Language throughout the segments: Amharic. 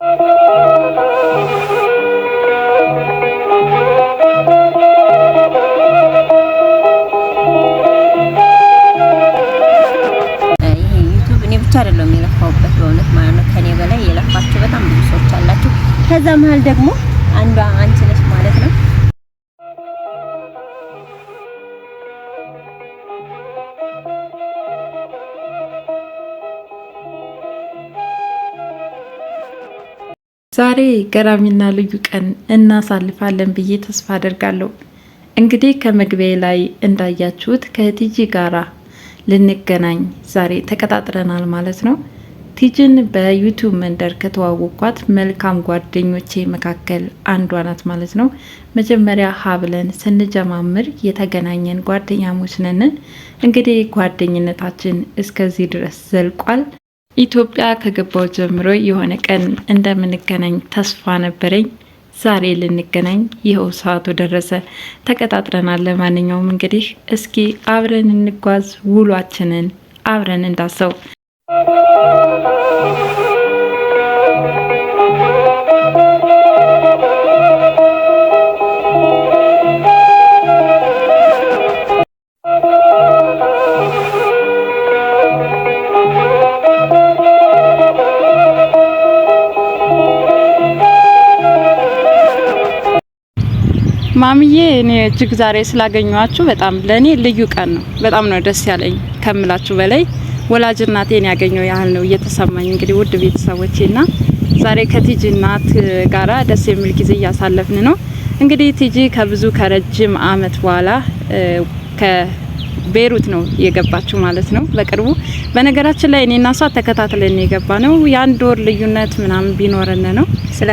እኔ ብቻ ከኔ በላይ የለፋችሁ ሰዎች ከዛ መሀል ደግሞ አንዷ አንቺ ዛሬ ገራሚና ልዩ ቀን እናሳልፋለን ብዬ ተስፋ አደርጋለሁ። እንግዲህ ከመግቢያ ላይ እንዳያችሁት ከቲጂ ጋራ ልንገናኝ ዛሬ ተቀጣጥረናል ማለት ነው። ቲጂን በዩቱብ መንደር ከተዋወቅኳት መልካም ጓደኞቼ መካከል አንዷ ናት ማለት ነው። መጀመሪያ ሀብለን ስንጀማምር የተገናኘን ጓደኛሞች ነን። እንግዲህ ጓደኝነታችን እስከዚህ ድረስ ዘልቋል። ኢትዮጵያ ከገባው ጀምሮ የሆነ ቀን እንደምንገናኝ ተስፋ ነበረኝ። ዛሬ ልንገናኝ ይኸው ሰዓቱ ደረሰ፣ ተቀጣጥረናል። ለማንኛውም እንግዲህ እስኪ አብረን እንጓዝ፣ ውሏችንን አብረን እንዳሰው ማምዬ እኔ እጅግ ዛሬ ስላገኘኋችሁ በጣም ለእኔ ልዩ ቀን ነው። በጣም ነው ደስ ያለኝ ከምላችሁ በላይ ወላጅ እናቴን ያገኘው ያህል ነው እየተሰማኝ። እንግዲህ ውድ ቤተሰቦቼ ና ዛሬ ከቲጂ እናት ጋራ ደስ የሚል ጊዜ እያሳለፍን ነው። እንግዲህ ቲጂ ከብዙ ከረጅም አመት በኋላ ከቤሩት ነው የገባችሁ ማለት ነው። በቅርቡ በነገራችን ላይ እኔና እሷ ተከታትለን የገባ ነው። የአንድ ወር ልዩነት ምናምን ቢኖረን ነው።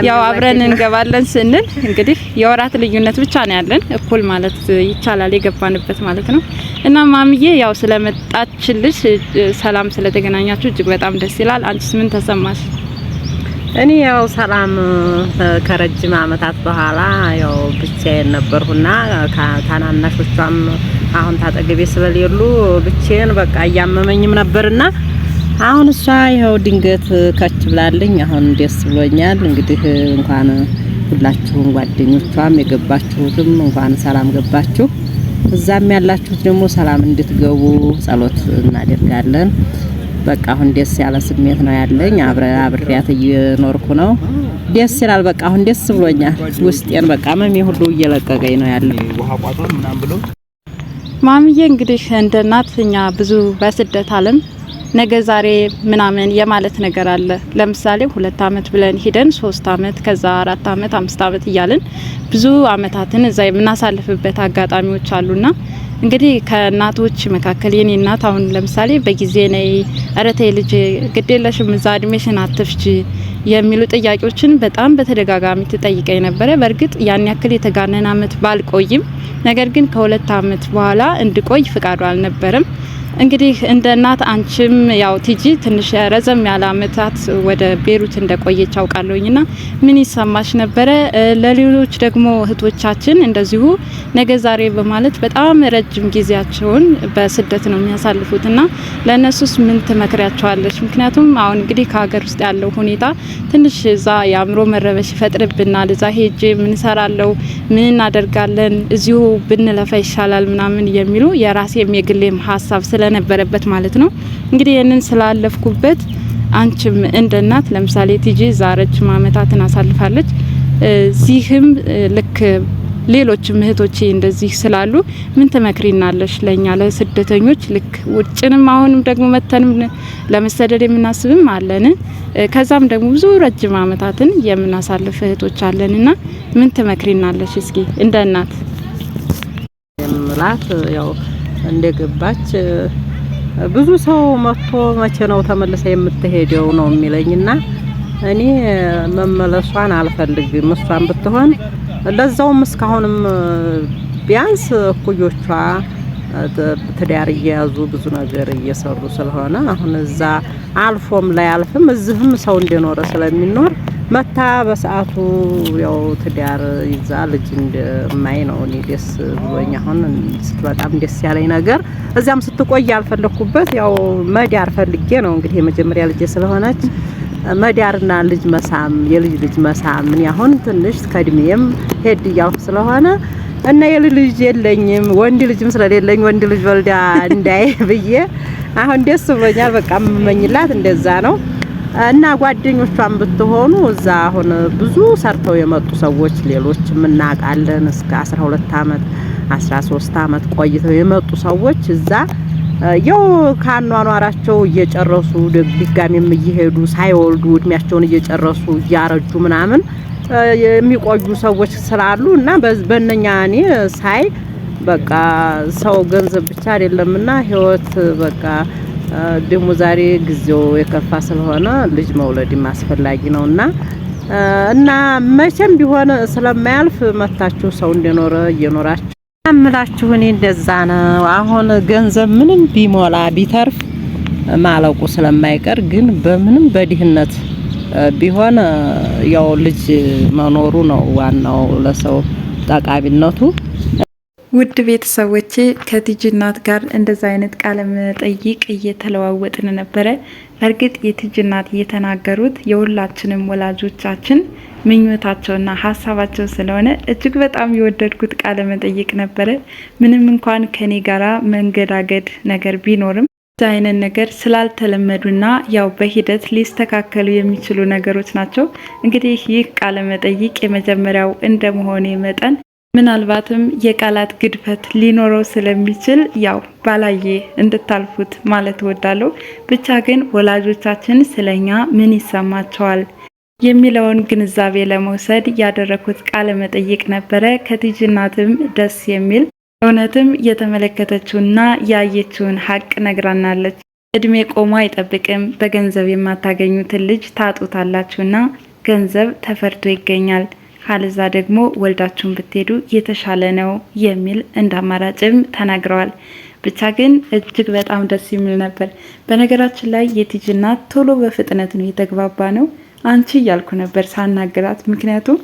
ያው አብረን እንገባለን ስንል እንግዲህ የወራት ልዩነት ብቻ ነው ያለን፣ እኩል ማለት ይቻላል የገባንበት ማለት ነው። እና ማምዬ ያው ስለመጣችልሽ ሰላም ስለተገናኛችሁ እጅግ በጣም ደስ ይላል። አንቺስ ምን ተሰማሽ? እኔ ያው ሰላም ከረጅም አመታት በኋላ ያው ብቻዬን ነበርሁና ታናናሾቿም አሁን ታጠገቤ ስለሌሉ ብቻዬን በቃ እያመመኝም ነበርና አሁን እሷ ይኸው ድንገት ከች ብላለኝ። አሁን ደስ ብሎኛል። እንግዲህ እንኳን ሁላችሁም ጓደኞቿም የገባችሁትም እንኳን ሰላም ገባችሁ። እዛም ያላችሁት ደግሞ ሰላም እንድትገቡ ጸሎት እናደርጋለን። በቃ አሁን ደስ ያለ ስሜት ነው ያለኝ። አብረ አብሬያት እየኖርኩ ነው። ደስ ይላል። በቃ አሁን ደስ ብሎኛል። ውስጤን በቃ መሜ ሁሉ እየለቀቀኝ ነው ያለው። ማምዬ እንግዲህ እንደ እናት እኛ ብዙ በስደት አለም። ነገ ዛሬ ምናምን የማለት ነገር አለ። ለምሳሌ ሁለት አመት ብለን ሂደን ሶስት አመት ከዛ አራት አመት አምስት አመት እያልን ብዙ አመታትን እዛ የምናሳልፍበት አጋጣሚዎች አሉና እንግዲህ ከእናቶች መካከል የኔ እናት አሁን ለምሳሌ በጊዜ ነይ፣ ኧረ ተይ ልጅ ግዴለሽም እዛ እድሜሽን የሚሉ ጥያቄዎችን በጣም በተደጋጋሚ ትጠይቀኝ ነበረ። በእርግጥ ያን ያክል የተጋነን አመት ባልቆይም ነገር ግን ከሁለት አመት በኋላ እንድቆይ ፍቃዱ አልነበርም። እንግዲህ እንደ እናት አንቺም ያው ቲጂ ትንሽ ረዘም ያለ አመታት ወደ ቤሩት እንደቆየች አውቃለሁኝና ምን ይሰማሽ ነበረ? ለሌሎች ደግሞ እህቶቻችን እንደዚሁ ነገ ዛሬ በማለት በጣም ረጅም ጊዜያቸውን በስደት ነው የሚያሳልፉትና ለእነሱስ ምን ትመክሪያቸዋለች? ምክንያቱም አሁን እንግዲህ ከሀገር ውስጥ ያለው ሁኔታ ትንሽ እዛ የአእምሮ መረበሽ ይፈጥርብናል። እዛ ሄጄ ምን ሰራለው፣ ምን እናደርጋለን፣ እዚሁ ብንለፋ ይሻላል ምናምን የሚሉ የራሴም የግሌም ሀሳብ ስለ ስለነበረበት ማለት ነው። እንግዲህ ይህንን ስላለፍኩበት አንቺም እንደ እናት ለምሳሌ ቲጂ ዛረችም አመታትን አሳልፋለች። እዚህም ልክ ሌሎችም እህቶቼ እንደዚህ ስላሉ ምን ትመክሪናለሽ? ለእኛ ለስደተኞች ልክ ውጭንም አሁንም ደግሞ መተንም ለመሰደድ የምናስብም አለን። ከዛም ደግሞ ብዙ ረጅም አመታትን የምናሳልፍ እህቶች አለንና ምን ትመክሪናለሽ? እስኪ እንደ እናት የምላት ያው እንደገባች ብዙ ሰው መጥቶ መቼ ነው ተመልሳ የምትሄደው ነው የሚለኝና እኔ መመለሷን አልፈልግም። እሷን ብትሆን ለዛውም እስካሁንም ቢያንስ እኩዮቿ ትዳር እየያዙ ብዙ ነገር እየሰሩ ስለሆነ አሁን እዛ አልፎም ላይ አልፍም እዚህም ሰው እንደኖረ ስለሚኖር መታ በሰዓቱ ያው ትዳር ይዛ ልጅ እንደማይ ነው። እኔ ደስ ብሎኝ አሁን በጣም ደስ ያለኝ ነገር እዚያም ስትቆይ ያልፈለኩበት ያው መዳር ፈልጌ ነው። እንግዲህ የመጀመሪያ ልጅ ስለሆነች መዳርና ልጅ መሳም የልጅ ልጅ መሳም ምን ያሁን ትንሽ ከእድሜም ሄድ እያልኩ ስለሆነ እና የልጅ ልጅ የለኝም ወንድ ልጅም ስለሌለኝ ወንድ ልጅ ወልዳ እንዳይ ብዬ አሁን ደስ ብሎኛል። በቃ የምመኝላት እንደዛ ነው። እና ጓደኞቿን ብትሆኑ እዛ አሁን ብዙ ሰርተው የመጡ ሰዎች ሌሎች እናውቃለን እስከ 12 አመት 13 አመት ቆይተው የመጡ ሰዎች እዛ ያው ከአኗኗራቸው እየጨረሱ ድጋሚም እየሄዱ ሳይወልዱ እድሜያቸውን እየጨረሱ እያረጁ ምናምን የሚቆዩ ሰዎች ስላሉ እና በእነኛ እኔ ሳይ በቃ ሰው ገንዘብ ብቻ አይደለምና ህይወት በቃ ደግሞ ዛሬ ጊዜው የከፋ ስለሆነ ልጅ መውለድም አስፈላጊ ነውና እና መቼም ቢሆን ስለማያልፍ መታችሁ ሰው እንደኖረ እየኖራችሁ አምላችሁ። እኔ እንደዛ ነው። አሁን ገንዘብ ምንም ቢሞላ ቢተርፍ ማለቁ ስለማይቀር ግን በምንም በድህነት ቢሆን ያው ልጅ መኖሩ ነው ዋናው ለሰው ጠቃሚነቱ። ውድ ቤተሰቦቼ ከቲጂ እናት ጋር እንደዛ አይነት ቃለ መጠይቅ እየተለዋወጥን ነበረ። በእርግጥ የቲጂ እናት እየተናገሩት የሁላችንም ወላጆቻችን ምኞታቸውና ሀሳባቸው ስለሆነ እጅግ በጣም የወደድኩት ቃለ መጠይቅ ነበረ። ምንም እንኳን ከኔ ጋራ መንገዳገድ ነገር ቢኖርም እንደዚህ አይነት ነገር ስላልተለመዱና ያው በሂደት ሊስተካከሉ የሚችሉ ነገሮች ናቸው። እንግዲህ ይህ ቃለ መጠይቅ የመጀመሪያው እንደመሆኔ መጠን ምናልባትም የቃላት ግድፈት ሊኖረው ስለሚችል ያው ባላየ እንድታልፉት ማለት እወዳለሁ። ብቻ ግን ወላጆቻችን ስለኛ ምን ይሰማቸዋል የሚለውን ግንዛቤ ለመውሰድ ያደረኩት ቃለ መጠይቅ ነበረ። ከቲጅናትም ደስ የሚል እውነትም የተመለከተችውና ያየችውን ሀቅ ነግራናለች። እድሜ ቆሞ አይጠብቅም። በገንዘብ የማታገኙትን ልጅ ታጡታላችሁና ገንዘብ ተፈርቶ ይገኛል። ካልዛ ደግሞ ወልዳችሁን ብትሄዱ የተሻለ ነው የሚል እንደ አማራጭም ተናግረዋል። ብቻ ግን እጅግ በጣም ደስ የሚል ነበር። በነገራችን ላይ የቲጂ እናት ቶሎ በፍጥነት ነው የተግባባ ነው። አንቺ እያልኩ ነበር ሳናግራት ምክንያቱም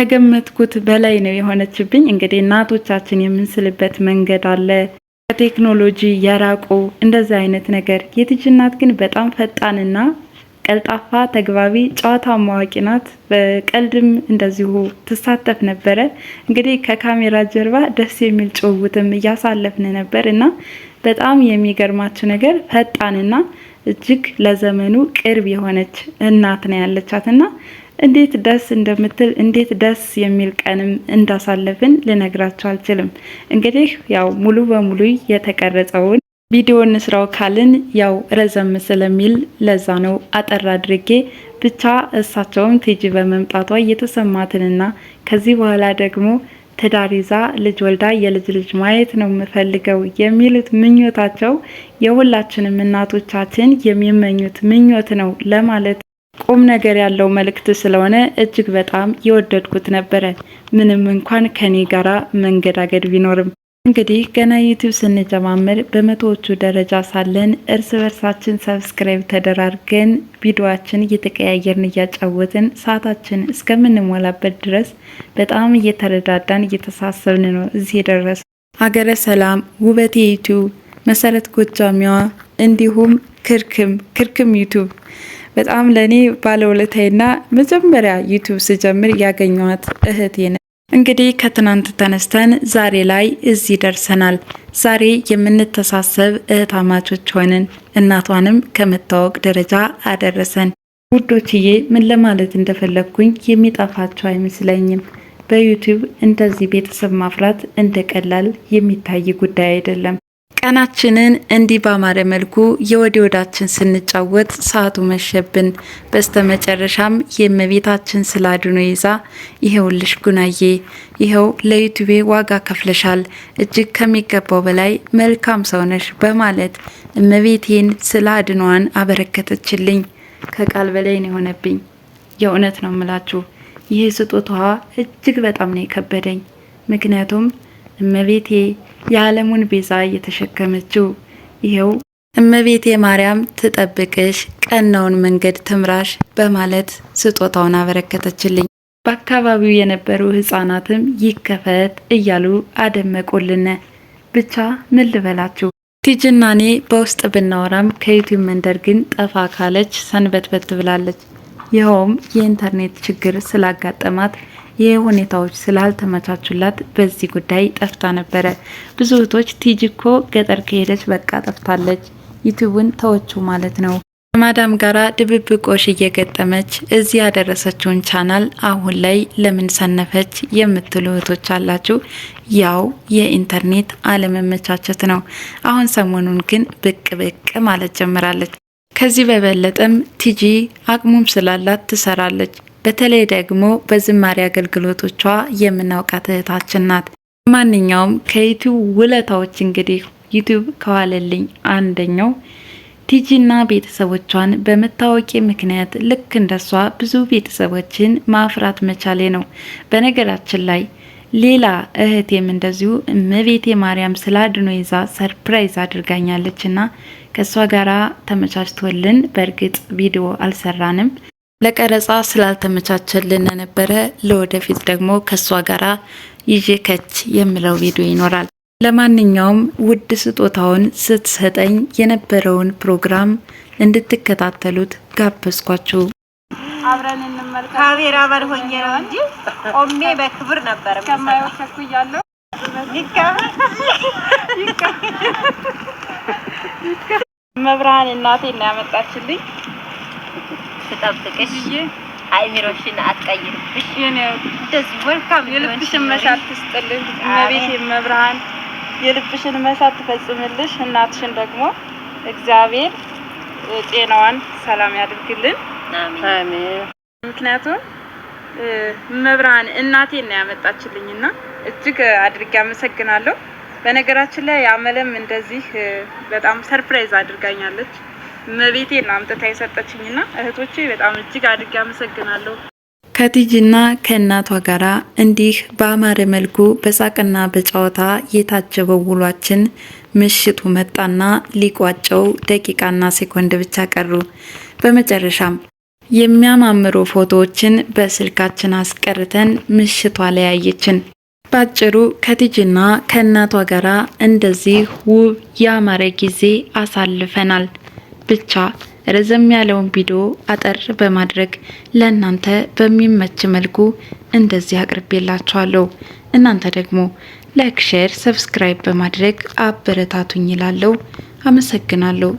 ከገመትኩት በላይ ነው የሆነችብኝ። እንግዲህ እናቶቻችን የምንስልበት መንገድ አለ ከቴክኖሎጂ የራቁ እንደዚህ አይነት ነገር። የቲጂ እናት ግን በጣም ፈጣንና ቀልጣፋ፣ ተግባቢ፣ ጨዋታ ማዋቂ ናት። በቀልድም እንደዚሁ ትሳተፍ ነበረ። እንግዲህ ከካሜራ ጀርባ ደስ የሚል ጭውውትም እያሳለፍን ነበር እና በጣም የሚገርማችሁ ነገር ፈጣንና እጅግ ለዘመኑ ቅርብ የሆነች እናት ነው ያለቻት እና እንዴት ደስ እንደምትል እንዴት ደስ የሚል ቀንም እንዳሳለፍን ልነግራቸው አልችልም። እንግዲህ ያው ሙሉ በሙሉ የተቀረጸውን ቪዲዮ እንስራው ካልን ያው ረዘም ስለሚል ለዛ ነው አጠር አድርጌ ብቻ እሳቸውም ቲጂ በመምጣቷ እየተሰማትንና ከዚህ በኋላ ደግሞ ትዳር ይዛ ልጅ ወልዳ የልጅ ልጅ ማየት ነው የምፈልገው የሚሉት ምኞታቸው የሁላችንም እናቶቻችን የሚመኙት ምኞት ነው ለማለት ቁም ነገር ያለው መልእክት ስለሆነ እጅግ በጣም የወደድኩት ነበረ። ምንም እንኳን ከኔ ጋራ መንገዳገድ ቢኖርም እንግዲህ ገና ዩቲዩብ ስንጀማምር በመቶዎቹ ደረጃ ሳለን እርስ በርሳችን ሰብስክራይብ ተደራርገን ቪዲዮችን እየተቀያየርን እያጫወትን ሰዓታችን እስከምንሞላበት ድረስ በጣም እየተረዳዳን እየተሳሰብን ነው እዚህ የደረሰ ሀገረ ሰላም ውበቴ ዩቲዩብ መሰረት ጎጃሚዋ እንዲሁም ክርክም ክርክም ዩቲዩብ በጣም ለእኔ ባለውለታዬና መጀመሪያ ዩቱብ ስጀምር ያገኘኋት እህት ነ እንግዲህ ከትናንት ተነስተን ዛሬ ላይ እዚህ ደርሰናል። ዛሬ የምንተሳሰብ እህታማቾች ሆንን፣ እናቷንም ከመታወቅ ደረጃ አደረሰን። ውዶችዬ ምን ለማለት እንደፈለግኩኝ የሚጠፋቸው አይመስለኝም። በዩቲዩብ እንደዚህ ቤተሰብ ማፍራት እንደ ቀላል የሚታይ ጉዳይ አይደለም። ቀናችንን እንዲህ ባማረ መልኩ የወዲ ወዳችን ስንጫወት ሰዓቱ መሸብን። በስተ መጨረሻም የእመቤታችን ስላድኖ ይዛ ይኸውልሽ ጉናዬ፣ ይኸው ለዩቱቤ ዋጋ ከፍለሻል፣ እጅግ ከሚገባው በላይ መልካም ሰውነሽ በማለት እመቤቴን አድኗዋን አበረከተችልኝ። ከቃል በላይ ነው የሆነብኝ። የእውነት ነው የምላችሁ ይህ ስጦታዋ እጅግ በጣም ነው የከበደኝ። ምክንያቱም እመቤቴ የዓለሙን ቤዛ እየተሸከመችው ይኸው እመቤቴ ማርያም ትጠብቅሽ፣ ቀናውን መንገድ ትምራሽ በማለት ስጦታውን አበረከተችልኝ። በአካባቢው የነበሩ ህጻናትም ይከፈት እያሉ አደመቁልን። ብቻ ምን ልበላችሁ ቲጅና እኔ በውስጥ ብናወራም ከዩቲዩብ መንደር ግን ጠፋ ካለች ሰንበትበት ብላለች። ይኸውም የኢንተርኔት ችግር ስላጋጠማት ይህ ሁኔታዎች ስላልተመቻቹላት በዚህ ጉዳይ ጠፍታ ነበረ። ብዙ እህቶች ቲጂ እኮ ገጠር ከሄደች በቃ ጠፍታለች፣ ዩቲዩብን ተወችው ማለት ነው። ከማዳም ጋራ ድብብቆሽ እየገጠመች እዚህ ያደረሰችውን ቻናል አሁን ላይ ለምን ሰነፈች የምትሉ እህቶች አላችሁ። ያው የኢንተርኔት አለመመቻቸት ነው። አሁን ሰሞኑን ግን ብቅ ብቅ ማለት ጀምራለች። ከዚህ በበለጠም ቲጂ አቅሙም ስላላት ትሰራለች። በተለይ ደግሞ በዝማሬ አገልግሎቶቿ የምናውቃት እህታችን ናት። ማንኛውም ከዩቲዩብ ውለታዎች እንግዲህ ዩቲዩብ ከዋለልኝ አንደኛው ቲጂና ቤተሰቦቿን በመታወቂ ምክንያት ልክ እንደሷ ብዙ ቤተሰቦችን ማፍራት መቻሌ ነው። በነገራችን ላይ ሌላ እህቴም እንደዚሁ እመቤቴ ማርያም ስለ አድኖ ይዛ ሰርፕራይዝ አድርጋኛለች እና ከእሷ ጋራ ተመቻችቶልን በእርግጥ ቪዲዮ አልሰራንም። ለቀረጻ ስላልተመቻቸልን ነበረ። ለወደፊት ደግሞ ከእሷ ጋራ ይዤ ከች የምለው ቪዲዮ ይኖራል። ለማንኛውም ውድ ስጦታውን ስትሰጠኝ የነበረውን ፕሮግራም እንድትከታተሉት ጋበዝኳችሁ። አብረን እንመልከት። ካሜራ ባል ሆኜ ነው እንጂ ቆሜ በክብር ነበር ከማየው ሸኩ እያለሁ መብርሃን እናቴ እና ያመጣችልኝ ስጠብቅሽ አይሚሮሽን አትቀይርብሽ። እንደዚህ ወልካም የልብሽን መሻት ትስጥልሽ እመቤት መብርሃን የልብሽን መሻት ትፈጽምልሽ። እናትሽን ደግሞ እግዚአብሔር ጤናዋን ሰላም ያድርግልን። ምክንያቱም መብርሃን እናቴን ነው ያመጣችልኝና እጅግ አድርጌ አመሰግናለሁ። በነገራችን ላይ አመለም እንደዚህ በጣም ሰርፕራይዝ አድርጋኛለች። መቤቴን አምጥታ የሰጠችኝና እህቶቼ በጣም እጅግ አድርጌ አመሰግናለሁ። ከቲጂና ከእናቷ ጋራ እንዲህ በአማረ መልኩ በሳቅና በጨዋታ የታጀበው ውሏችን ምሽቱ መጣና ሊቋጨው ደቂቃና ሴኮንድ ብቻ ቀሩ። በመጨረሻም የሚያማምሩ ፎቶዎችን በስልካችን አስቀርተን ምሽቷ ለያየችን። ባጭሩ ከቲጂና ከእናቷ ጋራ እንደዚህ ውብ ያማረ ጊዜ አሳልፈናል። ብቻ ረዘም ያለውን ቪዲዮ አጠር በማድረግ ለእናንተ በሚመች መልኩ እንደዚህ አቅርቤላችኋለሁ። እናንተ ደግሞ ላይክ፣ ሼር፣ ሰብስክራይብ በማድረግ አበረታቱኝ ይላለው። አመሰግናለሁ።